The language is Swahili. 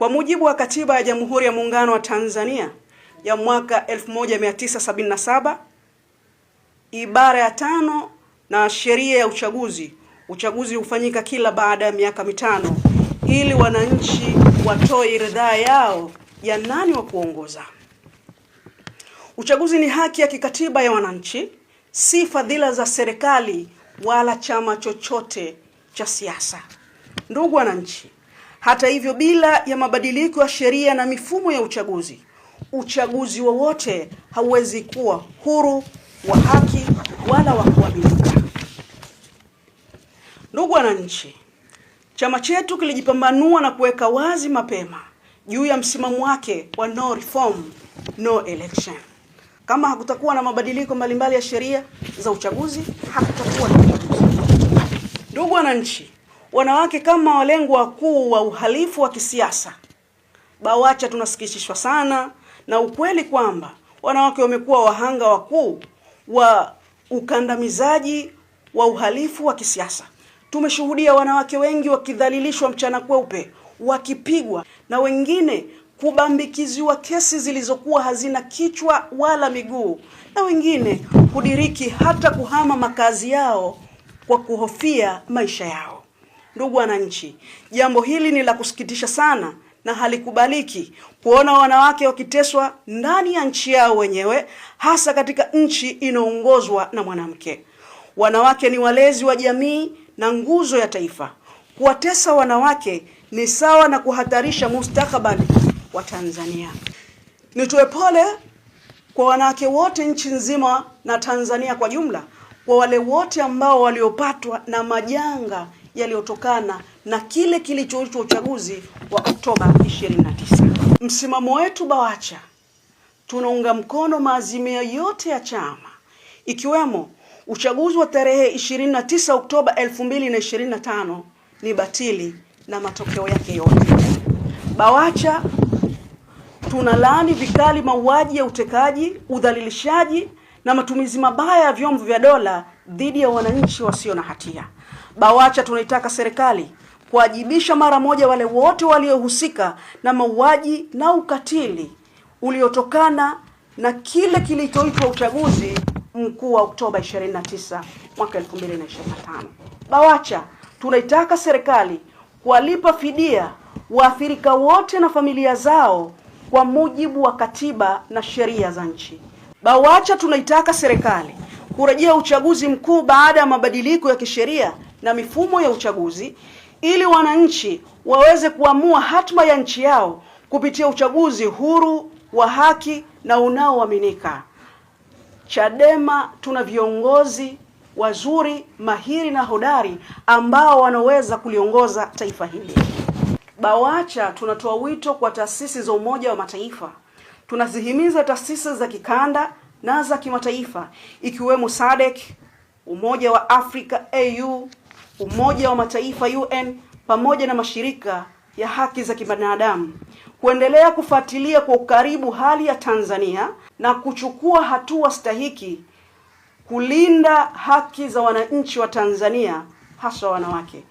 Kwa mujibu wa katiba ya Jamhuri ya Muungano wa Tanzania ya mwaka 1977 ibara ya tano na sheria ya uchaguzi, uchaguzi hufanyika kila baada ya miaka mitano ili wananchi watoe ridhaa yao ya nani wa kuongoza. Uchaguzi ni haki ya kikatiba ya wananchi, si fadhila za serikali wala chama chochote cha siasa. Ndugu wananchi, hata hivyo, bila ya mabadiliko ya sheria na mifumo ya uchaguzi, uchaguzi wowote hauwezi kuwa huru, wa haki wala wa kuaminika. Ndugu wananchi, chama chetu kilijipambanua na kuweka wazi mapema juu ya msimamo wake wa no reform no election. Kama hakutakuwa na mabadiliko mbalimbali ya sheria za uchaguzi, hakutakuwa na uchaguzi. Ndugu wananchi, wanawake kama walengwa wakuu wa uhalifu wa kisiasa. BAWACHA tunasikitishwa sana na ukweli kwamba wanawake wamekuwa wahanga wakuu wa ukandamizaji wa uhalifu wa kisiasa. Tumeshuhudia wanawake wengi wakidhalilishwa mchana kweupe, wakipigwa na wengine kubambikiziwa kesi zilizokuwa hazina kichwa wala miguu, na wengine kudiriki hata kuhama makazi yao kwa kuhofia maisha yao. Ndugu wananchi, jambo hili ni la kusikitisha sana na halikubaliki kuona wanawake wakiteswa ndani ya nchi yao wenyewe, hasa katika nchi inaongozwa na mwanamke. Wanawake ni walezi wa jamii na nguzo ya taifa. Kuwatesa wanawake ni sawa na kuhatarisha mustakabali wa Tanzania. Nitoe pole kwa wanawake wote nchi nzima na Tanzania kwa jumla, kwa wale wote ambao waliopatwa na majanga yaliyotokana na kile kilichoitwa uchaguzi wa Oktoba 29. Msimamo wetu BAWACHA tunaunga mkono maazimio yote ya chama ikiwemo uchaguzi wa tarehe 29 Oktoba 2025 ni batili na matokeo yake yote. BAWACHA tunalaani vikali mauaji ya utekaji, udhalilishaji na matumizi mabaya ya vyombo vya dola dhidi ya wananchi wasio na hatia. BAWACHA tunaitaka serikali kuwajibisha mara moja wale wote waliohusika na mauaji na ukatili uliotokana na kile kilichoitwa uchaguzi mkuu wa Oktoba 29 mwaka 2025. BAWACHA tunaitaka serikali kuwalipa fidia waathirika wote na familia zao kwa mujibu wa katiba na sheria za nchi. BAWACHA tunaitaka serikali kurejea uchaguzi mkuu baada ya mabadiliko ya kisheria na mifumo ya uchaguzi ili wananchi waweze kuamua hatma ya nchi yao kupitia uchaguzi huru wa haki na unaoaminika. Chadema tuna viongozi wazuri, mahiri na hodari ambao wanaweza kuliongoza taifa hili. BAWACHA tunatoa wito kwa taasisi za Umoja wa Mataifa, tunazihimiza taasisi za kikanda na za kimataifa ikiwemo SADC, Umoja wa Afrika, AU Umoja wa Mataifa UN pamoja na mashirika ya haki za kibinadamu kuendelea kufuatilia kwa ukaribu hali ya Tanzania na kuchukua hatua stahiki kulinda haki za wananchi wa Tanzania hasa wanawake.